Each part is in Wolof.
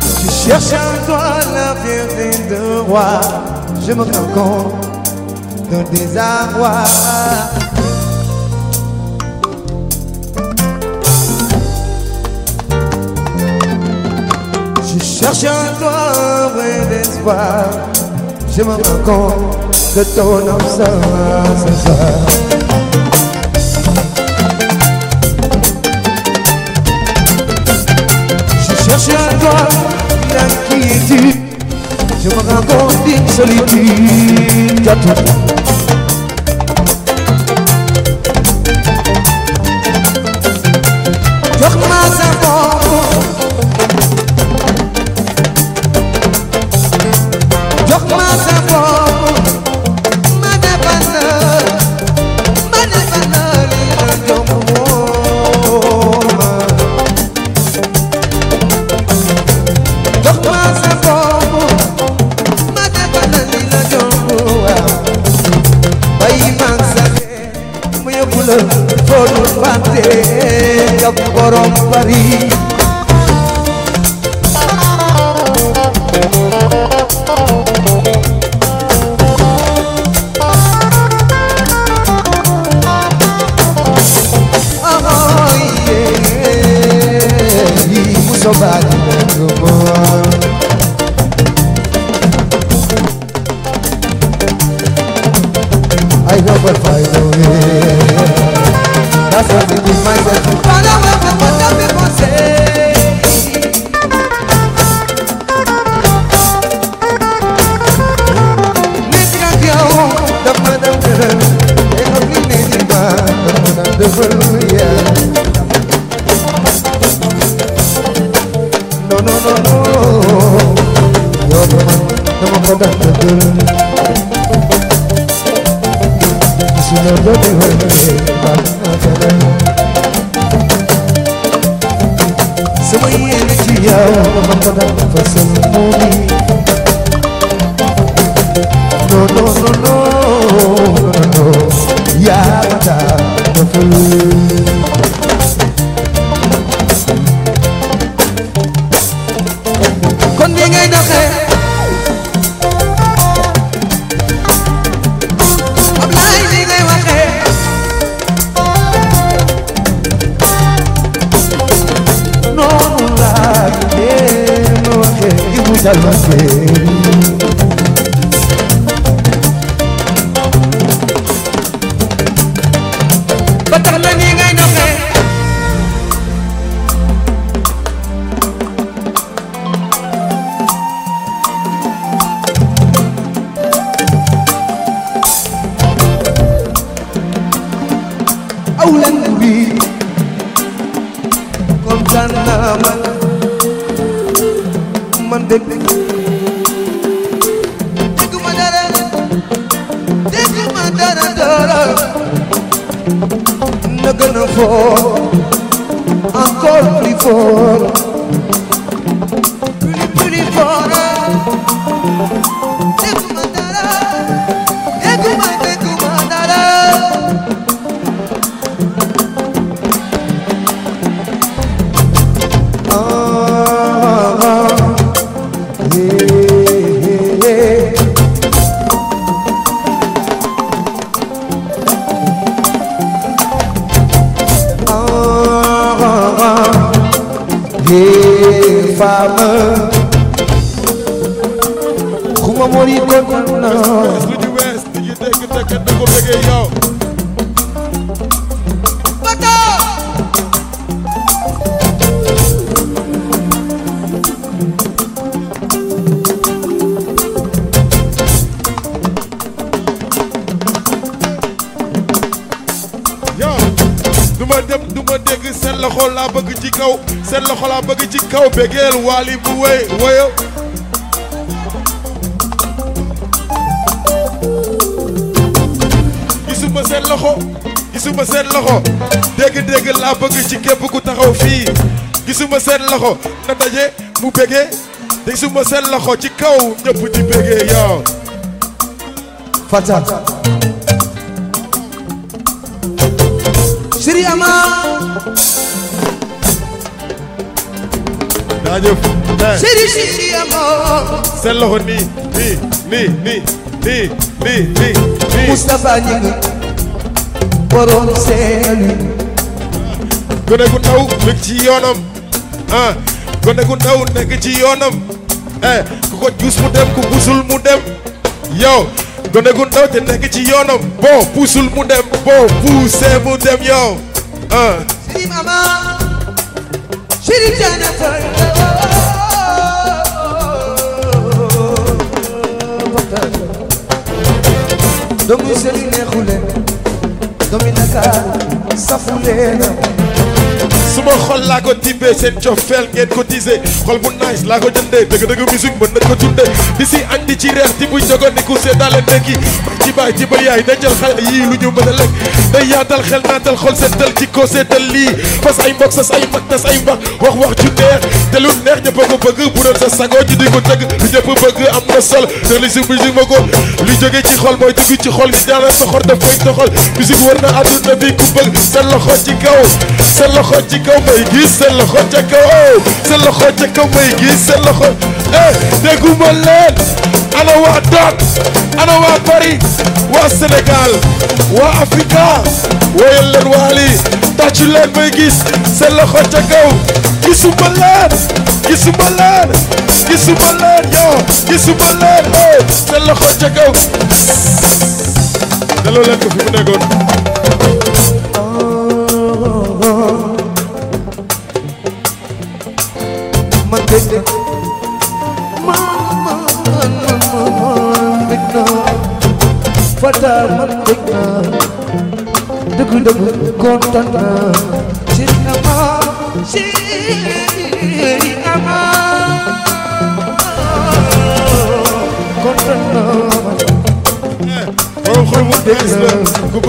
Je cherche en toi la fierté de roi. Je me rends compte tes désarroi. Je cherche en toi un vrai d'espoir. Je me rends compte de ton absence. Je me rends compte d'une solitude পরম্পরী I hope I find a way. That's what যদি হইলে سمية يا رمضان فسلموني No no no no no, no. يا رمضان فسلموني ya lo sé. awlan bi kontaan naa man मन देख देख देख mother देख mother दर नगन फोर encore plus fort plus plus fort देख Come on, loxo laa bëgg ci kaw seen loxo bëgg ci kaw bégeel waali bu wéy wéyo gisuma seen loxo dégg-dégg laa bëgg ci képp ku taxaw fii gisuma seen loxo na daje mu bégee te gisuma seen loxo ci kaw ñëpp di bégee yow jaajëf eh. seen loxo nii nii nii nii nii nii nii nii Moustapha borom seen gone gu ndaw nekk ci yoonam ah gone gu ndaw nekk ci yoonam eh, ku ko juus mu dem ku busul mu dem yow gone gu ndaw te nekk ci yoonam boo puusul mu dem boo puusee mu dem yow ah. Chéri maman doomu sëriñ neexu leen doomi Ndakaaru safu leen suma xol laa ko tibbee seen cofeel ngeen ko tisee xol bu nice laa ko jëndee dëgg-dëgg musique mën nañ ko tuddee di si añ di ci reer di bu jogandiku seetaale ndekki ci baay ci yaay dencal xale yii lu ñu mën a lekk day yaatal xel naatal xol seetal ci ko seetal lii fas ay mbokk ay mag ay wax wax wax ju neex te lu neex ñëpp a ko bëgg bu doon sa sangoo ji di te lu jóge ci xol mooy dugg ci xol yi daana ku bëgg kaw may gis seen loxo ca kaw eh, seen loxo ca kaw may gis seen loxo eh dégguma leen ana waa Daat ana waa Paris waa Sénégal waa Afrika woyal leen waali tàccu leen may gis seen loxo ca kaw gisuma leen gisuma leen gisuma leen yow gisuma leen eh seen loxo ca kaw. delloo leen ko fi mu nekkoon. dëgg kontaan naa Serigne Amar Serigne Amar kontaan naa borom eh, xol bu nice la ku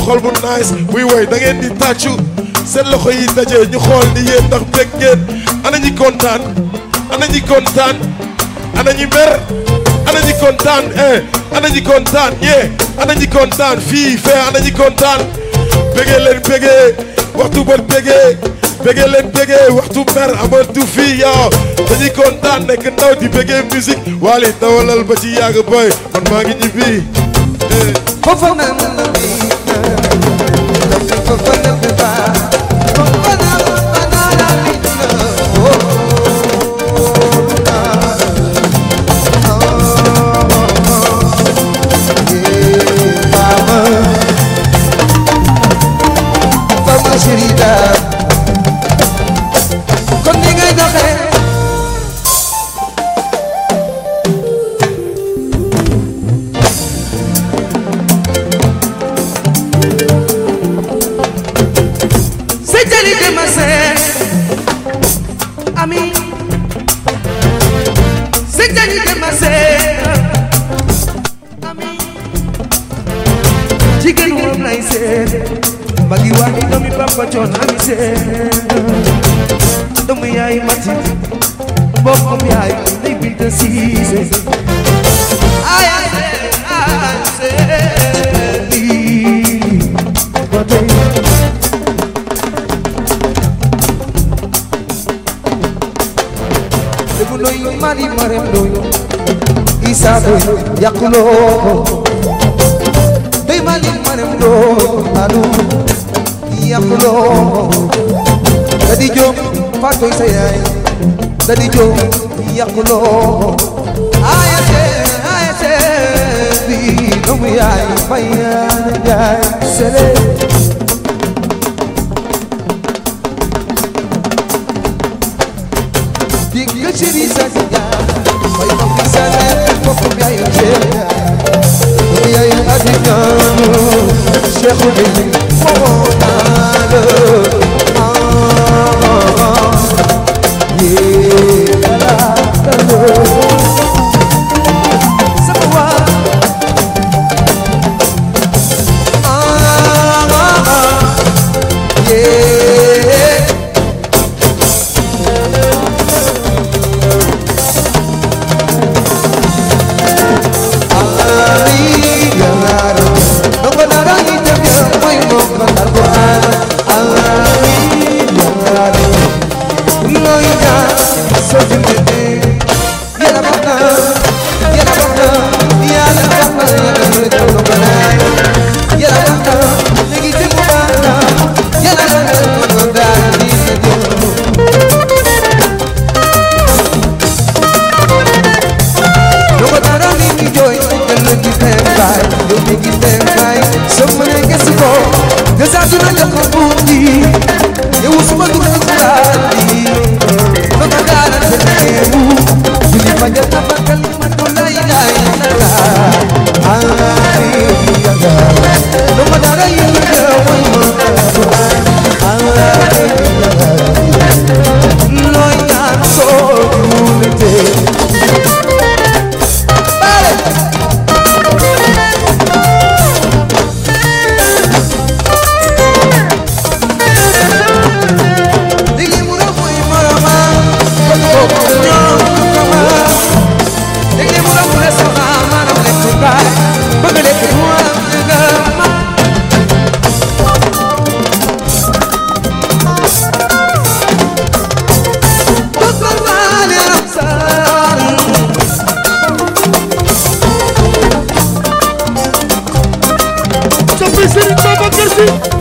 xol eh, bu nice buy woy dangeen ngeen di tàccu seen loxo yi daje ñu xool ni yéen ndax bég ngeen ana ñi kontaan ana ñi kontaan ana ñi mer ana ñi kontaan eh ana ñi kontaan ñee ana ñi kontaan fii fee ana ñi kontaan bëggee leen bëggee waxtu bon bëggee bëggee leen bëggee waxtu mer amatu fii yow dañuy kontaan nekk ndaw di bëggee musique waali dawalal ba ci yàgg boy man maa ngi ñibbi. Eh. ba coon a seen doomu yaay mati bokkum yaay ndey binta siise ay ay ay seen lii ba tey lebu noy mari marem doy isa doy yaquloo doy mari marem doy alu yàquloo Dady Diop fàttoy sa yaay Dady Diop yàquloo ayase ayase bi doomu yaay fay yaay sele sí.